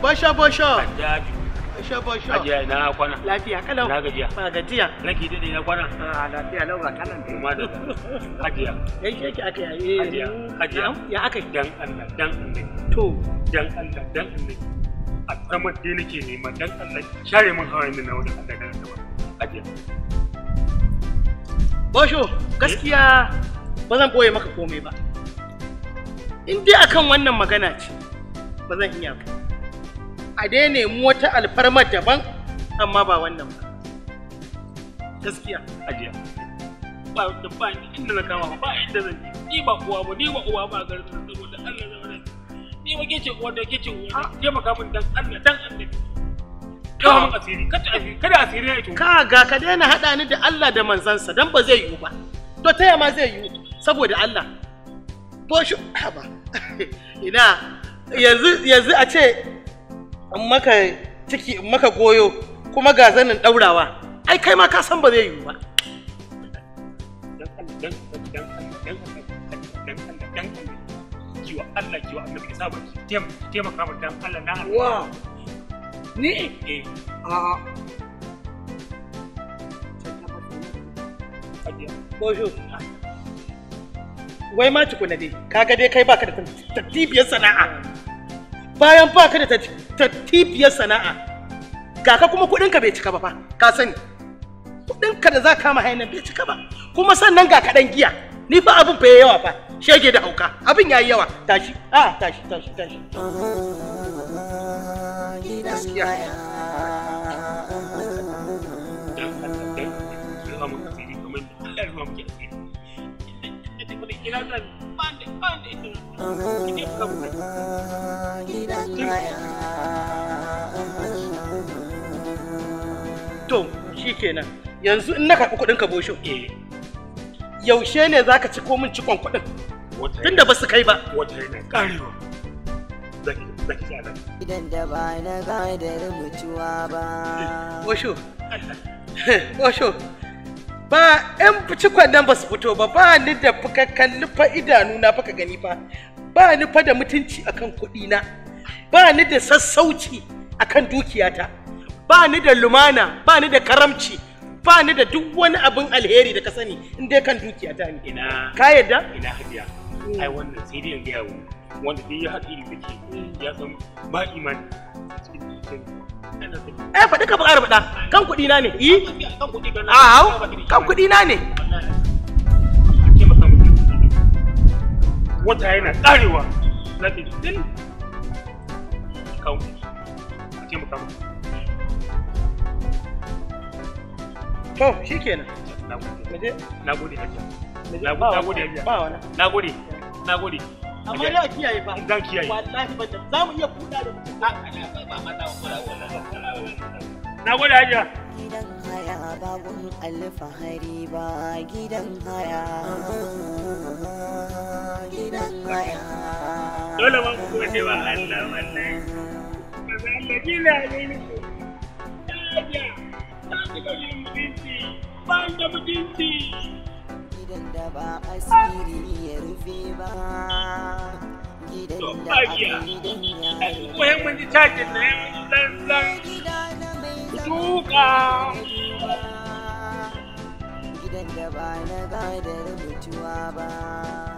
Basha basha. Hajjaju. Basha basha. Hajiya na kwana. Lafiya kalau. Na gajiya. Ba gajiya. Ranki dade na kwana. Ah lafiya lau ga kanan. Kuma da. Hajiya. yan ke ki a yi. Hajiya. Hajiya. Ya aka dan Allah dan Allah. To dan Allah dan Allah. A tsamar dai nake nema dan Allah share min hawayen da na wani Allah da Allah. Hajiya. Basho gaskiya ba zan boye maka komai ba. In dai akan wannan magana ce ba zan iya ba. a dai nemi wata alfarma daban amma ba wannan ba gaskiya ajiya ba da ba inda na kama ba inda zan ni ba uwa ba ni ba uwa ba garin saboda Allah ya wani ni ba ce uwa da ce uwa ke maka mun dan Allah dan Allah ka mun asiri kada asiri kada asiri ya to ka ga ka daina hada ni da Allah da manzansa dan ba zai yiwu ba to taya ma zai yiwu saboda Allah to shi ina yanzu yanzu a ce in maka ciki in maka goyo kuma ga zanin daurawa ai kai ma ka san ba zai yiwu ba Ni? Eh. eh. Wai ma tukuna dai, kaga dai kai baka da tattibiyar sana'a. bayan ba ka da tattifiyar sana'a ga ka kuma kuɗinka bai cika ba fa ka sani kuɗinka da za ka kama hanyar bai cika ba kuma sannan ga kaɗan giya ni fa abin fa yawa fa shege da hauka abin yayi yawa tashi a tashi tashi tashi gaskiya Ina zan ban da Ina zan to shi yanzu in na karɓi kuɗin ka bosho eh. yaushe ne za ka ci min cikon kuɗin tunda ba su kai ba ba ba ba yan cikon nan ba su fito ba ba ni da fuka kalli fa idanu na fuka gani fa ba ni fa da mutunci akan kuɗi na ba ni da sassauci akan dukiyata ba ni da lumana ba ni da karamci ba ni da duk wani abin alheri da ka sani in dai kan dukiya ta ni ina ka yadda ina hadiya hmm. ai wannan sai dai in ga yawo wanda dai ya hadiri da ke ya san ba imani eh faɗi ka ƙara faɗa kan kuɗi na ne yi a hau kan kuɗi na ne wata yana ƙarewa na ɗin a taimaka mutum To shi kenan. Na gode hajiya. Na gode Ba wani. Na gode. Amma yau kiyaye fa. Zan kiyaye. Wallahi ba za mu iya kuɗa da mutum. Na gode hajiya. Gidan haya ba gun alfahari ba gidan haya. Gidan haya. Dole ma ku gode wa Allah wannan. Ba za gina ne. Allah ya mutunci ban da gidan da ba asiri ya rufe ba gidan da abiya wayan mun ji tajin na yan lanzan duka gidan da ba na gadar mutuwa ba